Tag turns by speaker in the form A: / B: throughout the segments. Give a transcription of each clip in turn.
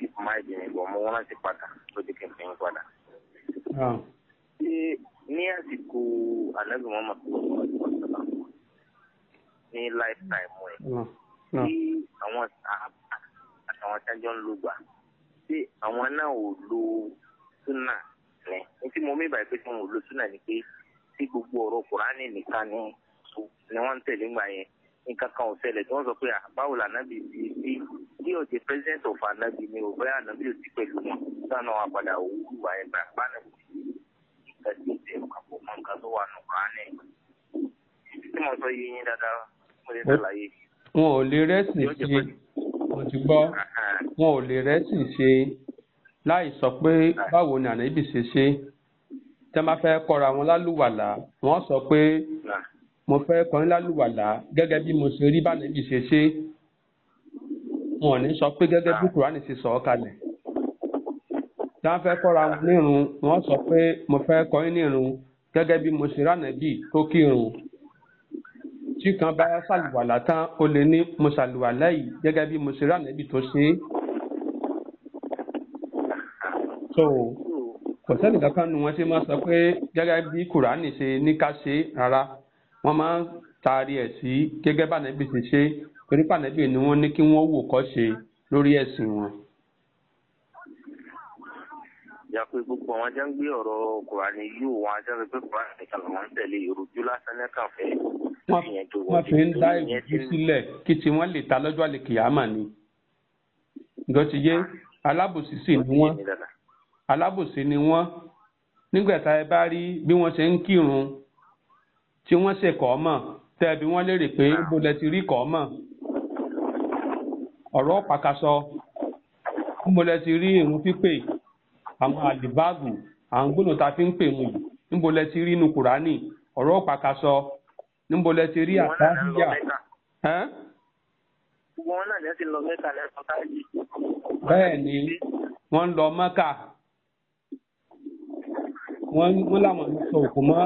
A: bí máa jẹ ìwọ mo wọn láti padà tó jẹ kí n fi yín padà. ṣé ní àsìkò ànábì wọn máa tó wọn ní wọn sọlá ní lifetime ẹ tí àwọn a tájọ ń lò gbà tí àwọn náà ò lo súnà ní ní tí mo mìíràn pé tí wọn ò lo súnà ni pé tí gbogbo ọ̀rọ̀ kùránì nìkan ni wọ́n ń tẹ̀lé ńgbà yẹn nǹkan kan ò ṣẹlẹ̀ tí wọ́n sọ pé ah, báwo làná bìí bíi bíi bí o ti president of anabi ni o bẹ́ẹ̀ àná bí o ti pẹ̀lú wọn sànà wọn padà òwúrù wa ẹ̀ gbà pàdé kò sí nǹkan tí o ti ẹ̀ka kò mọ nǹkan tó wà nù kánẹ̀. tí mo sọ yìí yín dáadáa mo lè ṣàlàyé.
B: wọn ò lè rẹ́sìn ṣe mo ti gbọ́ wọn ò lè rẹ́sìn ṣe láì sọ pé báwo ni ànábì ṣe ṣe tẹ́ máa fẹ́ kọ́ra wọn lálùwàlà wọ́n sọ pé mo fẹ́ kọrin lálùwàlà gẹ́gẹ́ bí mo ṣe rí bá ànábì ṣe ṣe wọn ò ní sọ pé gẹ́gẹ́ bí kùránì ti sọ ọ́ kalẹ̀ tí wọ́n fẹ́ kọ́ra nírun wọ́n sọ pé mo fẹ́ kọ́ yín nírun gẹ́gẹ́ bí mo ṣe ránàbì tó kírun tí kan bá ṣàlùwàlá tán ó lè ní mo ṣàlùwàlá yìí gẹ́gẹ́ bí mo ṣe ránàbì tó ṣe é so kò sẹ́ni kankan nu wọn ṣe máa sọ pé gẹ́gẹ́ bí kùránì ṣe ní ká ṣe rárá wọ́n máa ń taari ẹ̀ sí gẹ́gẹ́ bá nàbì ṣe ṣe torí pànẹ́bì ni wọn ní kí wọn wò kọ́ ṣe lórí ẹ̀sìn wọn.
A: ìyá gbogbo àwọn ajá ń gbé ọ̀rọ̀ yóò wọn ajá ń gbé kùránì nìkan làwọn ń tẹ̀lé yorùbá lásán lẹ́kàn fẹ́. wọ́n fi
B: ń dá ìrújú kí lè ta lọ́jọ́ ni. yé alábòsí sì ni ni wọ́n nígbà tá ẹ rí bí wọ́n ṣe ń tí wọ́n ṣe kọ́ ọ̀rọ̀ pàkàṣọ níbo ti rí ìrun pípè àwọn àlìbáàbù àwọn tá a fi ń pè mú yìí ti rí inú ọ̀rọ̀ pàkàṣọ ti rí àtàhíyà.
A: wọn lọ
B: bẹ́ẹ̀ ni wọ́n ń lọ wọ́n ń sọ òkú mọ́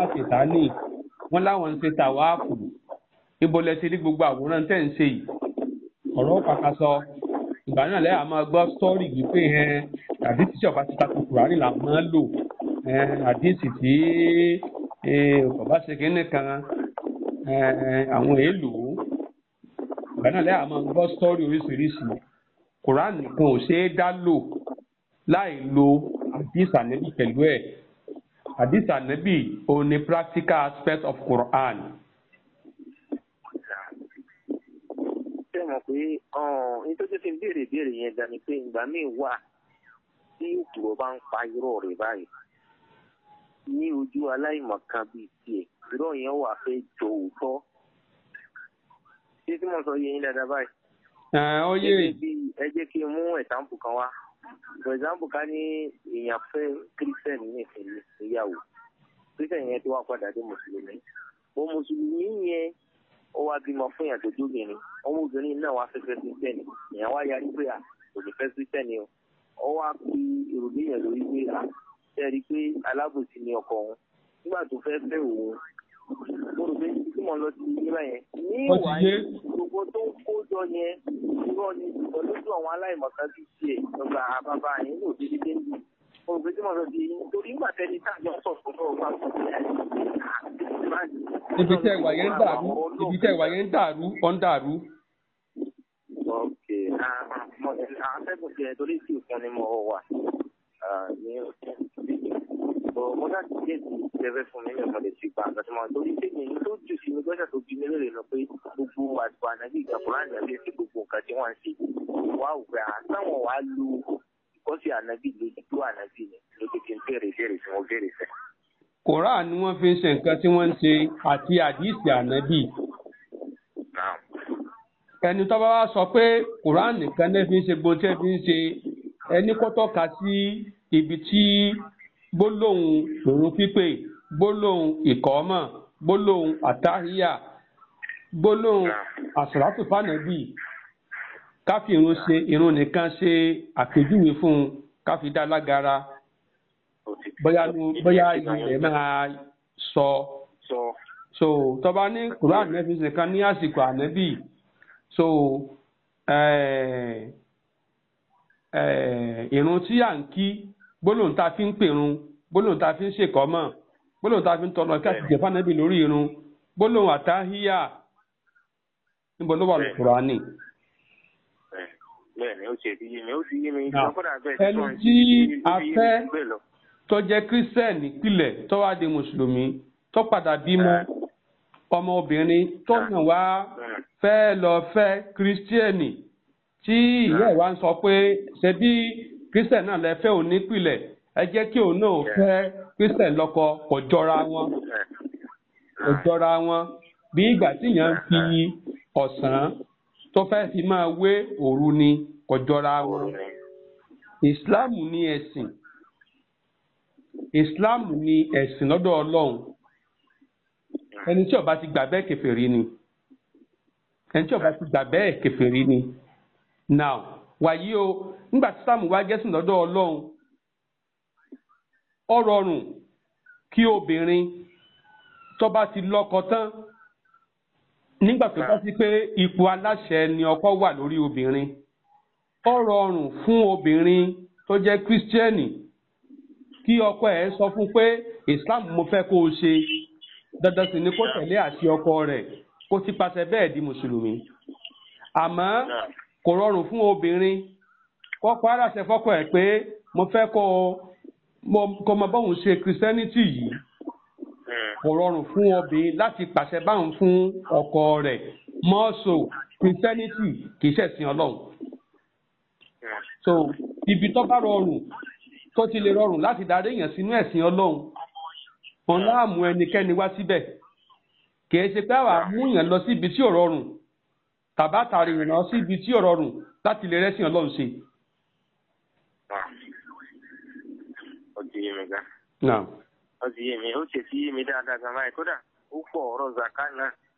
B: wọ́n ń ṣe ọ̀rọ̀ pàkà sọ ìgbà náà lẹ́yìn àmọ́ gbọ́ sọ́ọ̀rì wípé àdísì tí ọba ti takò kùránì là máa lò àdísì tí bàbá e, ṣe kínní kan àwọn èèlò ìgbà náà lẹ́yìn àmọ́ gbọ́ sọ́ọ̀rì oríṣiríṣi kùránì kan ò ṣeé dá lò láì lo àdísì ànẹ́bì pẹ̀lú ẹ̀ àdísì ànẹ́bì òun practical aspect of Quran.
A: pé um, nítorí fi béèrè ìbéèrè yẹn dání pé ìgbà míì wà tí òkúrò bá ń pa irọ́ rẹ̀ báyìí ní ojú aláìmọ̀kan bíi tiẹ̀ irọ́ yẹn wà fẹ́ jọ òótọ́ ṣé tí sọ yé yín dáadáa báyìí. ọyẹ ẹ jẹ́ kí n mú ẹ̀sánpù kan wá for example ní èèyàn fẹ́ christian ní ìpínlẹ̀ ìyàwó christian yẹn ti wá padà dé mùsùlùmí ó wá bímọ fún ìyàn tó jóbìnrin ọmọ obìnrin náà wá fẹ́ fẹ́ kristẹni ìyàn wá yarí pé à kò ní fẹ́ kristẹni o ó wá fi èròbí yẹn lórí pé à sẹ́ẹ̀rí pé alábòsí ni ọkọ òun nígbà tó fẹ́ fẹ́ òun mo rò pé tí mo lọ sí ilé yẹn ní ìwà gbogbo tó ń kó jọ yẹn irọ́ ni pẹ̀lú àwọn aláìmọ̀kan bíi tiẹ̀ ọgbà àbábá yẹn ní òdìdí dé mo rò pé tí mo lọ sí torí nígbà tẹ́ni tá a jọ sọ̀rọ̀ sọ̀rọ̀ bá ibi tẹ́ ìwà yẹn dàrú
B: ibi tẹ́ ìwà yẹn dàrú ọ̀ ń dàrú.
A: mo láti jẹ́ ti tẹ́fẹ́ fún mi ní ọmọdé ti gba àgbàsọ́mọ́ torí pé èyí tó jù sí mi gbọ́dọ̀ tó bí mi lóore lọ pé gbogbo àgbà ànágbé ìjàkùnrin ànágbé sí gbogbo nǹkan tí wọ́n ń ṣe wá òwe àtàwọn wàá lu ìkọ́sí ànágbé lójú ànágbé ni ló ti ń béèrè ìbéèrè tí mo béèrè fẹ́.
B: Quran ni wọ́n fi ń ṣe nǹkan tí wọ́n ń ṣe àti àdìsí ànábì ẹni tó bá wá sọ pé koran nìkan náà fi ń ṣe gbọ́n tí ẹ fi ń ṣe ẹni kó tọ́ka sí ibi tí gbólóhùn òun pípé gbólóhùn ìkọ́mọ̀ gbólóhùn àtàríyà gbólóhùn àsàlátùfànàbì káfí irun ṣe irun nìkan ṣe àpèjúwe fún un káfí dá lágara bóyá bóyá ilẹ̀ máa sọ so tọba ní quran nẹ́fí nìkan ní àsìkò ànẹ́bì so ìrun tí à ń kí gbólóhùn tá a fi ń pèrun gbólóhùn tá a fi ń ṣèkọ́mọ̀ gbólóhùn tá a fi ń tọrọ kí àti jẹ̀fà nẹ́bì lórí ìrun gbólóhùn àtàhíyà níbo ló wà ní kúránì.
A: bẹ́ẹ̀ni ó ṣe ìdíyẹ mi ó ti yé mi. ẹni tí a fẹ́
B: tó jẹ́ christian nípìlẹ̀ tó wá di mùsùlùmí tó padà bímọ ọmọbìnrin tó nà wá fẹ́ lọ fẹ́ kírísítíẹ̀nì tí ìyá ìwà ń sọ pé ṣe bí kírísítẹ̀ náà lẹ fẹ́ òun nípìlẹ̀ ẹ jẹ́ kí òun náà fẹ́ kírísítẹ̀ lọ́kọ kò jọra wọn kò jọra wọn bí ìgbà tíyàn ń fi ọ̀sán tó fẹ́ fi máa wé òru ni kò jọra wọn ìsìláàmù ni ẹ̀sìn. E Islam ni ẹ̀sìn lọ́dọ̀ Ọlọ́run ẹni tí ó bá ti gbà bẹ́ẹ̀ kèfèrí ni ẹni tí ó ti gbà bẹ́ẹ̀ ni now wàyí o nígbà tí Islam wá jẹ́sìn lọ́dọ̀ Ọlọ́run ó rọrùn kí obìnrin tó ti lọ́kọ tán nígbà tó bá sí pé ipò aláṣẹ ni ọkọ wà lórí obìnrin ó rọrùn fún obìnrin tó jẹ́ kí ọkọ ẹ̀ sọ fún pé islam mo fẹ́ kó o ṣe dandan sì ni kó tẹ̀lé àṣẹ ọkọ rẹ̀ kó ti pàṣẹ bẹ́ẹ̀ di mùsùlùmí àmọ́ kò rọrùn fún obìnrin kọ́kọ́ aláṣẹ fọ́kọ ẹ̀ pé mo fẹ́ kó kó mọ bóun ṣe christianity yìí kò rọrùn fún obìnrin láti pàṣẹ báwọn fún ọkọ rẹ̀ mọ́ọ̀sọ̀ christianity kì í ṣẹ̀sìn ọlọ́run so ibi tó bá rọrùn tó ti lè rọrùn láti darí èèyàn sínú ẹ̀sìn ọlọ́run òun láàmú ẹnikẹ́ni wá síbẹ̀ kìí ṣe pé àwa mú yàn lọ síbi tí ò rọrùn tàbá tàrí ìrìnà síbi tí ò rọrùn láti lè rẹ́sìn ọlọ́run ṣe.
A: mi dáadáa gan báyìí kódà ọ̀rọ̀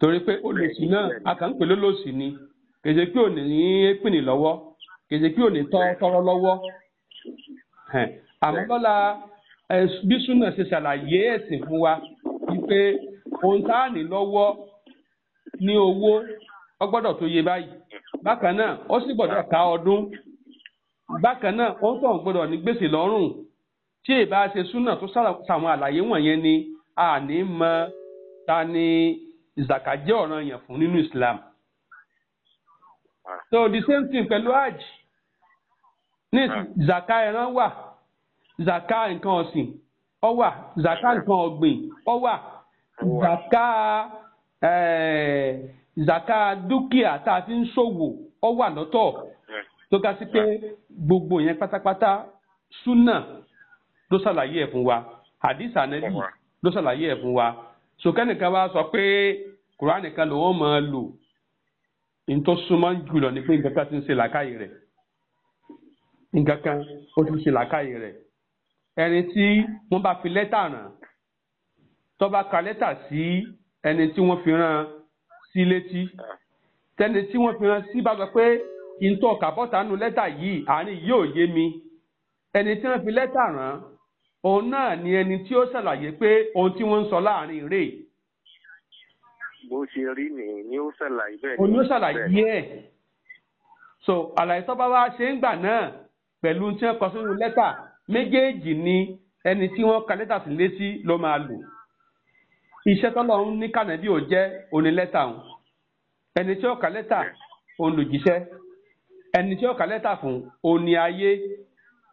B: torí pé olòṣì náà a kàn ń pè ni kèje kí òní ní épìnì lọ́wọ́ kèje kí òní tọ́rọ́ lọ́wọ́ àmọ́ súnà ṣe ṣàlàyé ẹ̀sìn fún wa wípé ohun tá ní lọ́wọ́ ní owó ó gbọ́dọ̀ tó yẹ báyìí bákan náà ó sì gbèsè lọ́rùn tí ṣe súnà tó ṣàwọn àlàyé wọ̀nyẹn ni mọ ta ni. ìzàkà jẹ́ ọ̀ranyàn fún nínú Islam ah. so the same thing pẹ̀lú hajj ní ah. ìzàkà ẹran wà ìzàkà nǹkan ọ̀sìn ó wà ìzàkà ah. nǹkan ọ̀gbìn ó wà ìzàkà ìzàkà eh, dúkìá tá a fi ń ṣòwò ó wà lọ́tọ̀ tó ga sí pé gbogbo yẹn pátápátá súnà ló ṣàlàyé ẹ̀ fún wa hadith anabi ló ṣàlàyé ẹ̀ fún wa sokẹ́nìkan wá sọ pé kùránì kan lòun máa lò ntọ́ súnmọ́ jùlọ ni pé nǹkan kan ti ń ṣe làákàyè rẹ̀ nǹkan kan ó ti ń ṣe làákàyè rẹ̀ ẹni tí wọ́n bá fi lẹ́tà ràn tó bá ka lẹ́tà sí ẹni tí wọ́n fi rán sí létí tẹ́ni tí wọ́n fi rán sí bá sọ pé ntọ́ kàbọ́tà nu lẹ́tà yìí àárín yìí ò yé mi ẹni tí wọ́n fi lẹ́tà ràn òun náà ni ẹni tí ó ṣàlàyé pé ohun tí wọ́n ń sọ láàrin rè.
A: bó ṣe rí nìyí ni ó ṣàlàyé bẹ́ẹ̀
B: òun ló ṣàlàyé ẹ̀ so àlàyé tó bá wá ṣe ń gbà náà pẹ̀lú tí wọ́n kọ sínú lẹ́tà méjèèjì ni ẹni tí wọ́n ka lẹ́tà sí létí ló máa lò iṣẹ́ tọ́lọ́run ní kànábì ò jẹ́ òní lẹ́tà òun ẹni tí ó ka lẹ́tà òun lòjíṣẹ́ ẹni tí ó ka lẹ́tà fún òun ni ayé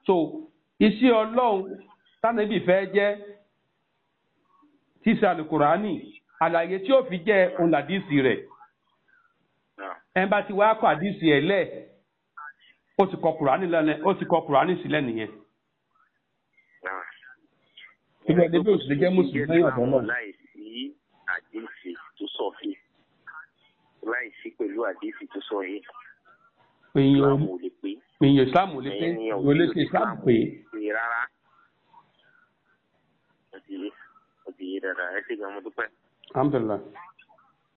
B: so iṣẹ́ ọlọ́run tánàbì fẹ́ jẹ́ tíṣe alukurani àlàyé tí ó fi jẹ́ òun làdíìsì rẹ̀ ẹn bá ti wá kọ àdíìsì ẹ̀ lẹ̀ ó ti kọ kurani lẹ́nu ó ti kọ kurani sílẹ̀ nìyẹn. ìgbà débí òsì lè jẹ́ mùsùlùmí lẹ́yìn ọ̀dọ́ náà.
A: láì sí àdíìsì tó sọ fún láì sí pẹ̀lú àdíìsì tó sọ yìí èèyàn ìsìlámù ò lè pé èèyàn ìsìlámù ò lè pé ìsìlámù pé rárá. الكثير كثيرا عشق مدبة
B: الحمد لله